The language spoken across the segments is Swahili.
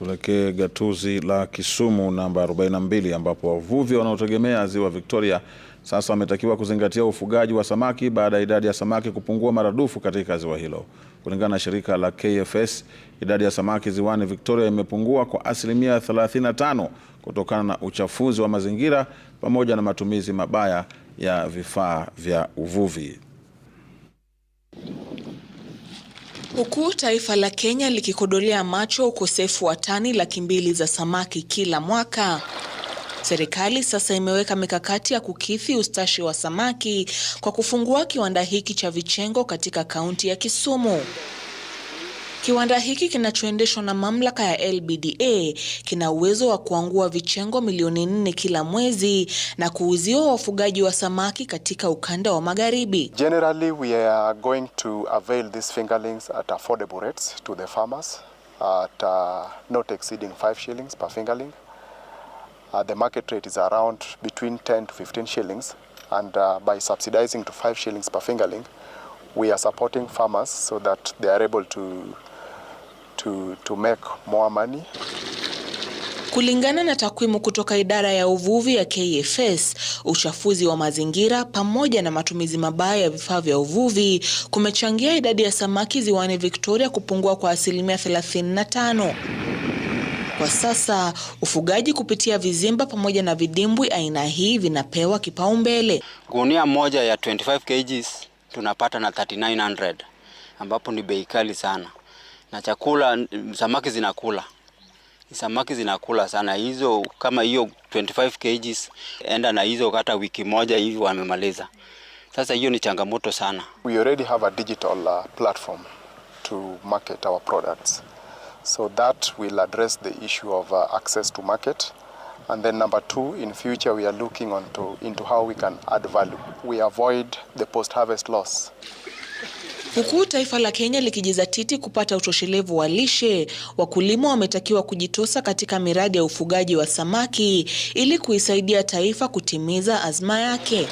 Tuelekee gatuzi la Kisumu namba 42 ambapo wavuvi wanaotegemea ziwa Victoria sasa wametakiwa kuzingatia ufugaji wa samaki baada ya idadi ya samaki kupungua maradufu katika ziwa hilo. Kulingana na shirika la KFS, idadi ya samaki ziwani Victoria imepungua kwa asilimia 35 kutokana na uchafuzi wa mazingira pamoja na matumizi mabaya ya vifaa vya uvuvi. Huku taifa la Kenya likikodolea macho ukosefu wa tani laki mbili za samaki kila mwaka, serikali sasa imeweka mikakati ya kukithi ustashi wa samaki kwa kufungua kiwanda hiki cha Vichengo katika kaunti ya Kisumu. Kiwanda hiki kinachoendeshwa na mamlaka ya LBDA kina uwezo wa kuangua vichengo milioni nne kila mwezi na kuuziwa wafugaji wa samaki katika ukanda wa magharibi. Generally we are going to avail these fingerlings at affordable rates to the farmers at uh, not exceeding 5 shillings per fingerling. Uh, the market rate is around between 10 to 15 shillings and uh, by subsidizing to 5 shillings per fingerling we are supporting farmers so that they are able to to, to make more money. Kulingana na takwimu kutoka idara ya uvuvi ya KFS, uchafuzi wa mazingira pamoja na matumizi mabaya ya vifaa vya uvuvi kumechangia idadi ya samaki ziwani Victoria kupungua kwa asilimia 35. Kwa sasa ufugaji kupitia vizimba pamoja na vidimbwi aina hii vinapewa kipaumbele. Gunia moja ya 25 kgs tunapata na 3900 ambapo ni bei kali sana na chakula, samaki zinakula samaki zinakula sana hizo, kama hiyo 25 kgs enda na hizo hata wiki moja hivi wamemaliza. Sasa hiyo ni changamoto sana. We already have a digital uh, platform to market our products so that will address the issue of uh, access to market and then number two in future we are looking onto, into how we can add value we avoid the post harvest loss Huku taifa la Kenya likijizatiti kupata utoshelevu wa lishe, wakulima wametakiwa kujitosa katika miradi ya ufugaji wa samaki ili kuisaidia taifa kutimiza azma yake.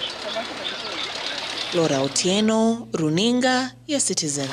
Laura Otieno, Runinga ya Citizen.